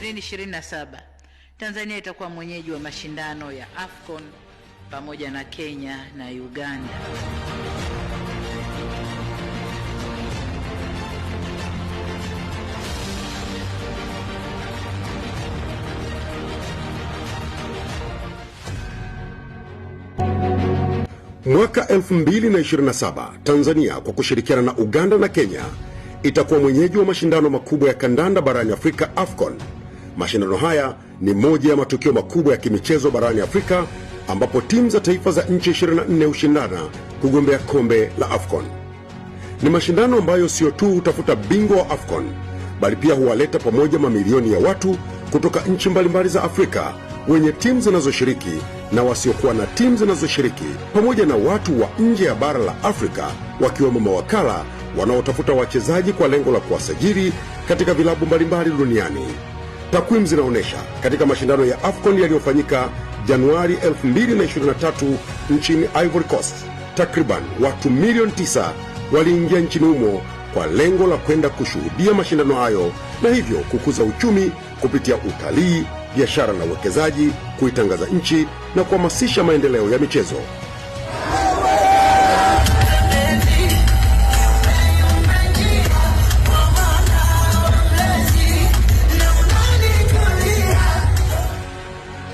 2027 Tanzania itakuwa mwenyeji wa mashindano ya AFCON pamoja na Kenya na Uganda. Mwaka 2027 Tanzania kwa kushirikiana na Uganda na Kenya itakuwa mwenyeji wa mashindano makubwa ya kandanda barani Afrika AFCON. Mashindano haya ni moja ya matukio makubwa ya kimichezo barani Afrika ambapo timu za taifa za nchi 24 hushindana kugombea kombe la AFCON. Ni mashindano ambayo sio tu hutafuta bingwa wa AFCON bali pia huwaleta pamoja mamilioni ya watu kutoka nchi mbalimbali za Afrika wenye timu zinazoshiriki na wasiokuwa na timu zinazoshiriki pamoja na watu wa nje ya bara la Afrika wakiwemo mawakala wanaotafuta wachezaji kwa lengo la kuwasajili katika vilabu mbalimbali duniani. Takwimu zinaonyesha katika mashindano ya AFCON yaliyofanyika Januari 2023 nchini Ivory Coast, takriban watu milioni 9 waliingia nchini humo kwa lengo la kwenda kushuhudia mashindano hayo na hivyo kukuza uchumi kupitia utalii, biashara na uwekezaji, kuitangaza nchi na kuhamasisha maendeleo ya michezo.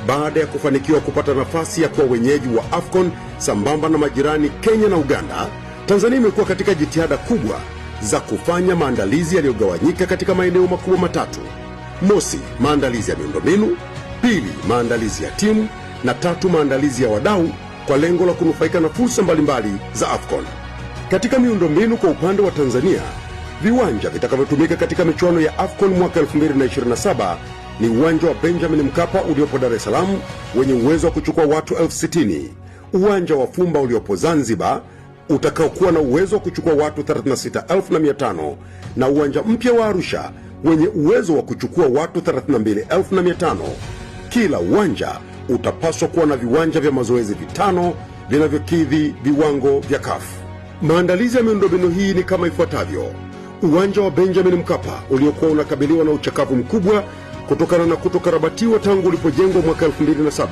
baada ya kufanikiwa kupata nafasi ya kuwa wenyeji wa AFCON sambamba na majirani Kenya na Uganda, Tanzania imekuwa katika jitihada kubwa za kufanya maandalizi yaliyogawanyika katika maeneo makubwa matatu: mosi, maandalizi ya miundombinu; pili, maandalizi ya timu; na tatu, maandalizi ya wadau kwa lengo la kunufaika na fursa mbalimbali za AFCON. Katika miundombinu, kwa upande wa Tanzania, viwanja vitakavyotumika katika michuano ya AFCON mwaka 2027 ni uwanja wa Benjamin Mkapa uliopo Dar es Salaam wenye uwezo wa kuchukua watu 60 uwanja wa Fumba uliopo Zanzibar utakaokuwa na uwezo wa kuchukua watu 36,500 na uwanja mpya wa Arusha wenye uwezo wa kuchukua watu 32,500. Kila uwanja utapaswa kuwa na viwanja vya mazoezi vitano vinavyokidhi viwango vya kafu Maandalizi ya miundombinu hii ni kama ifuatavyo: uwanja wa Benjamin Mkapa uliokuwa unakabiliwa na uchakavu mkubwa kutokana na kutokarabatiwa tangu ulipojengwa mwaka 2007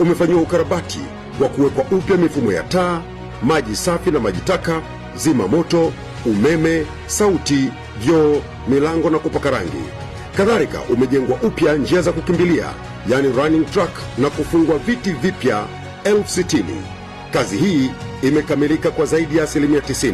umefanyiwa ukarabati wa kuwekwa upya mifumo ya taa, maji safi na maji taka, zima moto, umeme, sauti, vyoo, milango na kupaka rangi. Kadhalika umejengwa upya njia za kukimbilia, yani running track, na kufungwa viti vipya elfu sitini. Kazi hii imekamilika kwa zaidi ya asilimia 90.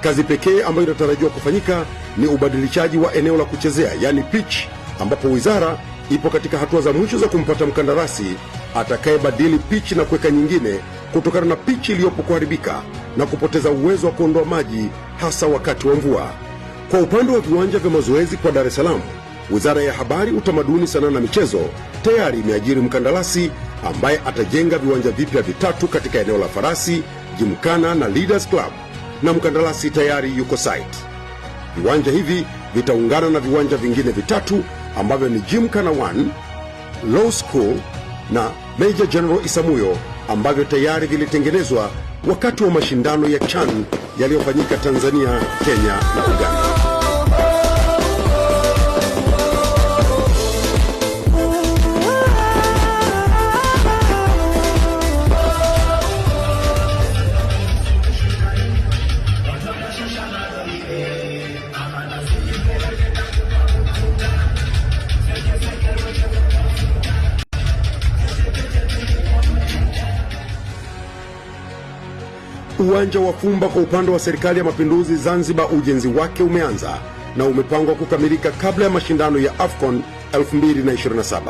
Kazi pekee ambayo inatarajiwa kufanyika ni ubadilishaji wa eneo la kuchezea, yani pitch ambapo wizara ipo katika hatua za mwisho za kumpata mkandarasi atakayebadili pichi na kuweka nyingine kutokana na pichi iliyopo kuharibika na kupoteza uwezo wa kuondoa maji hasa wakati wa mvua. Kwa upande wa viwanja vya mazoezi kwa Dar es Salaam, Wizara ya Habari, Utamaduni, Sanaa na Michezo tayari imeajiri mkandarasi ambaye atajenga viwanja vipya vitatu katika eneo la Farasi, Jimkana na Leaders Club, na mkandarasi tayari yuko site. Viwanja hivi vitaungana na viwanja vingine vitatu ambavyo ni Kana One, Law School na major General Isamuyo ambavyo tayari vilitengenezwa wakati wa mashindano ya CHAN yaliyofanyika Tanzania, Kenya na Uganda. Uwanja wa Fumba kwa upande wa Serikali ya Mapinduzi Zanzibar, ujenzi wake umeanza na umepangwa kukamilika kabla ya mashindano ya AFCON 2027.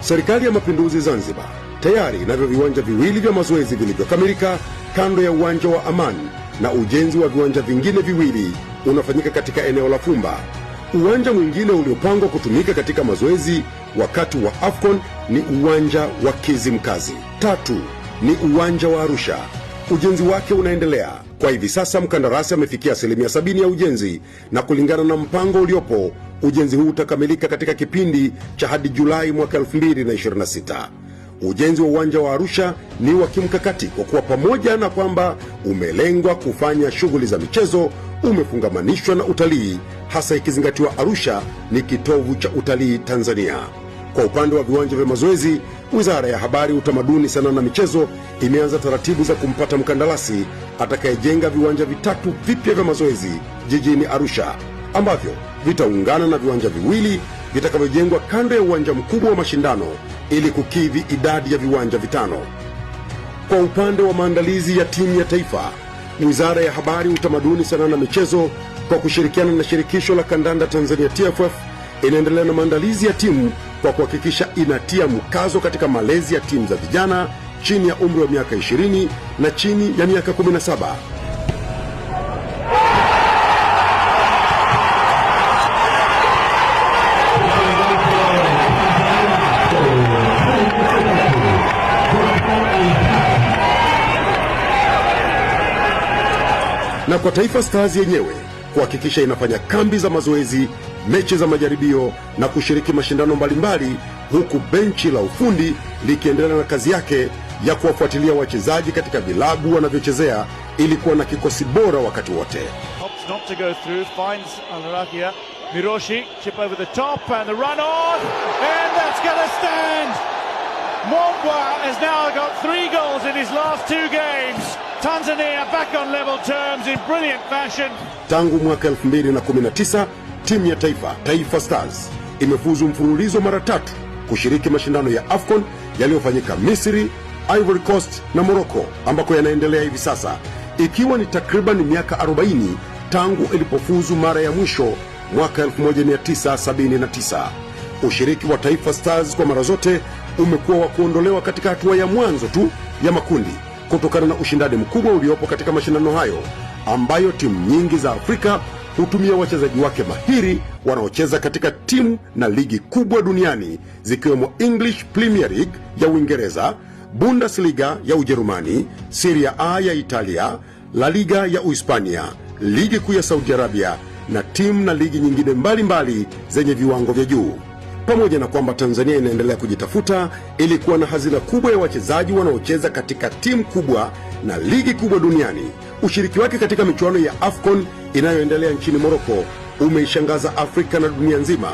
Serikali ya Mapinduzi Zanzibar tayari inavyo viwanja viwili vya mazoezi vilivyokamilika kando ya uwanja wa Amani na ujenzi wa viwanja vingine viwili unafanyika katika eneo la Fumba. Uwanja mwingine uliopangwa kutumika katika mazoezi wakati wa AFCON ni uwanja wa Kizimkazi. Tatu ni uwanja wa Arusha ujenzi wake unaendelea. Kwa hivi sasa mkandarasi amefikia asilimia sabini ya ujenzi, na kulingana na mpango uliopo ujenzi huu utakamilika katika kipindi cha hadi Julai mwaka 2026. Ujenzi wa uwanja wa Arusha ni wa kimkakati kwa kuwa pamoja na kwamba umelengwa kufanya shughuli za michezo, umefungamanishwa na utalii, hasa ikizingatiwa Arusha ni kitovu cha utalii Tanzania. Kwa upande wa viwanja vya mazoezi, Wizara ya Habari, Utamaduni, Sanaa na Michezo imeanza taratibu za kumpata mkandarasi atakayejenga viwanja vitatu vipya vya mazoezi jijini Arusha ambavyo vitaungana na viwanja viwili vitakavyojengwa kando ya uwanja mkubwa wa mashindano ili kukidhi idadi ya viwanja vitano. Kwa upande wa maandalizi ya timu ya taifa, Wizara ya Habari, Utamaduni, Sanaa na Michezo kwa kushirikiana na Shirikisho la Kandanda Tanzania TFF inaendelea na maandalizi ya timu kwa kuhakikisha inatia mkazo katika malezi ya timu za vijana chini ya umri wa miaka 20 na chini ya miaka 17. na kwa Taifa Stars yenyewe kuhakikisha inafanya kambi za mazoezi, mechi za majaribio na kushiriki mashindano mbalimbali, huku benchi la ufundi likiendelea na kazi yake ya kuwafuatilia wachezaji katika vilabu wanavyochezea ili kuwa na kikosi bora wakati wote. Tanzania back on level terms in brilliant fashion. Tangu mwaka 2019 timu ya taifa Taifa Stars imefuzu mfululizo mara tatu kushiriki mashindano ya AFCON yaliyofanyika Misri, Ivory Coast na Morocco ambako yanaendelea hivi sasa, ikiwa ni takriban miaka 40 tangu ilipofuzu mara ya mwisho mwaka 1979. Ushiriki wa Taifa Stars kwa mara zote umekuwa wa kuondolewa katika hatua ya mwanzo tu ya makundi kutokana na ushindani mkubwa uliopo katika mashindano hayo ambayo timu nyingi za Afrika hutumia wachezaji wake mahiri wanaocheza katika timu na ligi kubwa duniani zikiwemo English Premier League ya Uingereza, Bundesliga ya Ujerumani, Serie A ya Italia, La Liga ya Uhispania, ligi kuu ya Saudi Arabia na timu na ligi nyingine mbalimbali mbali zenye viwango vya juu pamoja na kwamba Tanzania inaendelea kujitafuta ili kuwa na hazina kubwa ya wachezaji wanaocheza katika timu kubwa na ligi kubwa duniani. Ushiriki wake katika michuano ya AFCON inayoendelea nchini Moroko umeishangaza Afrika na dunia nzima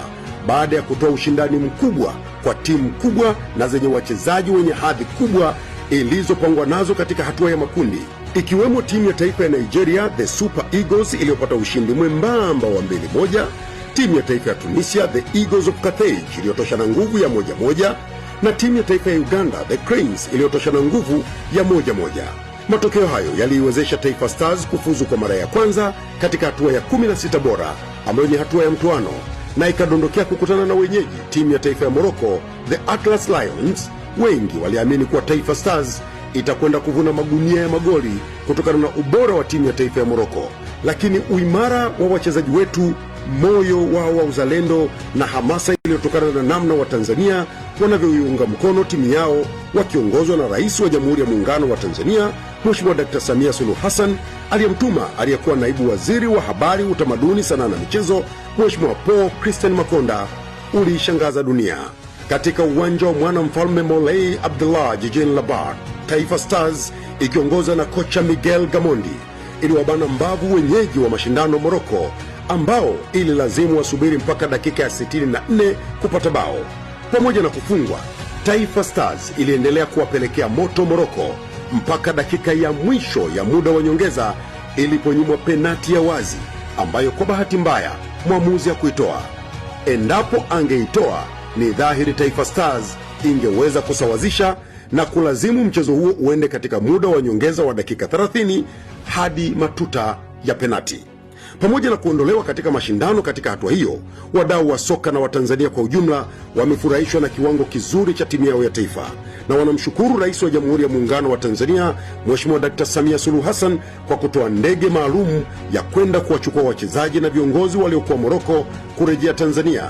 baada ya kutoa ushindani mkubwa kwa timu kubwa na zenye wachezaji wenye hadhi kubwa ilizopangwa nazo katika hatua ya makundi ikiwemo timu ya taifa ya Nigeria the Super Eagles iliyopata ushindi mwembamba wa mbili moja timu ya taifa ya Tunisia the Eagles of Carthage na nguvu ya moja moja na timu ya taifa ya Uganda the Cranes na nguvu ya moja moja. Matokeo hayo yaliiwezesha Taifa Stars kufuzu kwa mara ya kwanza katika hatua ya 16 bora ambayo ni hatua ya mtuano na ikadondokea kukutana na wenyeji timu ya taifa ya Moroko the Atlas Lions. Wengi waliamini kuwa Taifa Stars itakwenda kuvuna magunia ya magoli kutokana na ubora wa timu ya taifa ya Moroko, lakini uimara wa wachezaji wetu moyo wao wa uzalendo na hamasa iliyotokana na namna wa tanzania wanavyoiunga mkono timu yao wakiongozwa na Rais wa Jamhuri ya Muungano wa Tanzania Mheshimiwa Dkt. Samia Suluhu Hassan aliyemtuma aliyekuwa naibu waziri wa habari, utamaduni, sanaa na michezo Mheshimiwa Paul Christian Makonda uliishangaza dunia katika uwanja wa mwana mfalme Molei Abdullah jijini Rabat, Taifa Stars ikiongoza na kocha Miguel Gamondi iliwabana mbavu wenyeji wa mashindano Moroko ambao ililazimu wasubiri mpaka dakika ya 64 kupata bao. Pamoja na kufungwa, Taifa Stars iliendelea kuwapelekea moto Moroko mpaka dakika ya mwisho ya muda wa nyongeza iliponyimwa penati ya wazi ambayo kwa bahati mbaya mwamuzi kuitoa Endapo angeitoa, ni dhahiri Taifa Stars ingeweza kusawazisha na kulazimu mchezo huo uende katika muda wa nyongeza wa dakika 30 hadi matuta ya penati. Pamoja na kuondolewa katika mashindano katika hatua hiyo, wadau wa soka na Watanzania kwa ujumla wamefurahishwa na kiwango kizuri cha timu yao ya taifa na wanamshukuru Rais wa Jamhuri ya Muungano wa Tanzania Mheshimiwa Dkt. Samia Suluhu Hassan kwa kutoa ndege maalum ya kwenda kuwachukua wachezaji na viongozi waliokuwa Moroko kurejea Tanzania,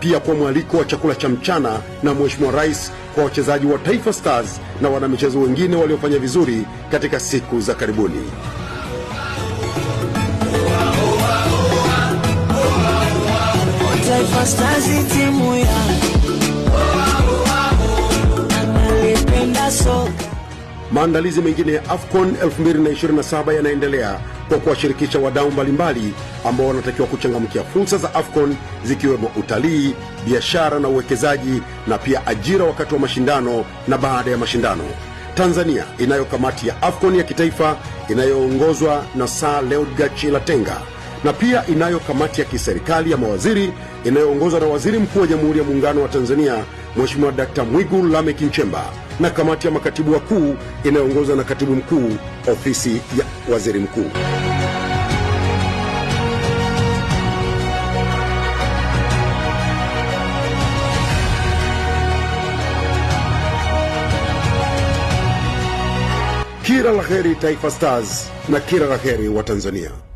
pia kwa mwaliko wa chakula cha mchana na Mheshimiwa Rais kwa wachezaji wa Taifa Stars na wanamichezo wengine waliofanya vizuri katika siku za karibuni. Maandalizi mengine ya AFCON 2027 yanaendelea kwa kuwashirikisha wadau mbalimbali ambao wanatakiwa kuchangamkia fursa za AFCON zikiwemo utalii, biashara na uwekezaji na pia ajira wakati wa mashindano na baada ya mashindano. Tanzania inayo kamati ya AFCON ya kitaifa inayoongozwa na sa Leodegar chilatenga na pia inayo kamati ya kiserikali ya mawaziri inayoongozwa na Waziri Mkuu wa Jamhuri ya Muungano wa Tanzania mweshimiwa Dr. mwigu Lameck Nchemba na kamati ya makatibu wakuu inayoongozwa na Katibu Mkuu Ofisi ya Waziri Mkuu. Kila la heri Taifa Stars na kila la heri wa Tanzania.